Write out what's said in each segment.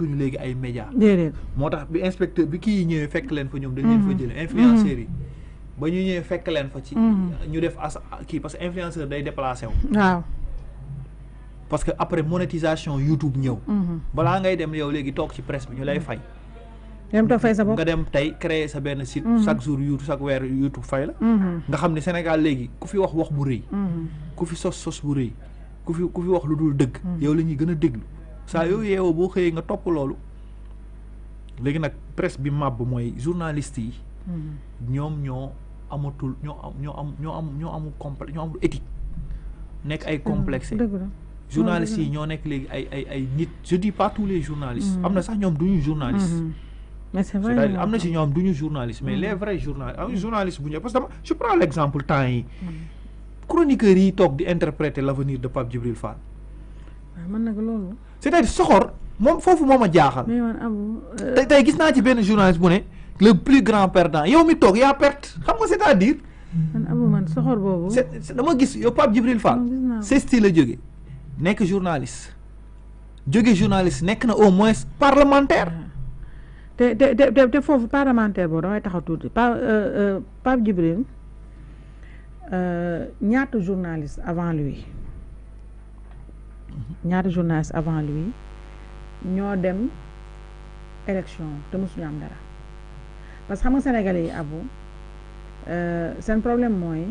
nekkatuñu léegi ay média moo tax bi inspecteur bi kii ñëwee fekk leen fa ñoom dañ leen fa mm-hmm. jëlee influenceurs yi mm-hmm. ba ñu ñëwee fekk leen fa ci mm-hmm. ñu def as kii parce que influenceur day déplacé wu waaw parce que après monétisation YouTube ñëw balaa ngay dem yow léegi toog ci presse bi ñu lay fay dem sa nga dem tey créer sa benn site chaque jour YouTube chaque weer YouTube fay la nga xam ne Sénégal léegi ku fi wax wax bu rëy ku fi sos sos bu rëy ku fi ku fi wax lu dul dëgg yow la ñuy gën a déglu saa yow yeewoo boo xëyee nga topp loolu léegi nag presse bi mab mooy journalistes yi mm-hmm. ñoom ñoo amatul ñoo am ñoo am ñoo am ñoo amul complexe ñoo amul éthique nekk ay complexe mm-hmm. journalistes yi ñoo nekk léegi ay ay ay nit je dis pas tous les journalistes mm-hmm. am na sax ñoom duñu ñu mais c'est-à-dire am na si ñoom du journaliste mais les vrais journalistes am journaliste bu ñu parce que dama je prends l'exemple temps yi chroniqueurs yi toog di interpréter l'avenir de Pape Djibril Fall ah, man c'est-à-dire soxor moom foofu moo ma jaaxal. mais man euh, tey tey gis naa ci benn journaliste bu ne le plus grand perdant yow mi toog yaa perte xam nga c'est-à-dire. man amul man soxor boobu. c'est dama gis yow Pape Jibril Fall. CESTI la jóge nekk journaliste. jóge journaliste nekk na au moins parlementaire. Ah. te te te te foofu parlementaire boobu damay taxaw tuuti Pa euh, euh, Pape Djibril ñaata journaliste avant lui. ñaari journaliste avant lui ñoo dem élection te mosuñu am dara parce xam nga sénégalais yi abu euh, seen problème mooy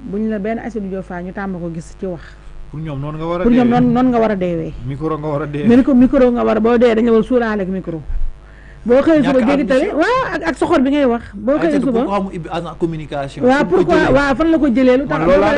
buñ la benn Aïssatou Diop Fall ñu tàmm ko gis ci wax. pour ñoom noonu nga war a. pour nga war a deewee. micro nga war a deewee micro nga war a boo deewee dañu la war a micro. boo xëyee suba dégg tale waaw ak ak bi ngay wax. boo xëyee suba ay communication. waaw pourquoi waaw la ko jëlee lu tax.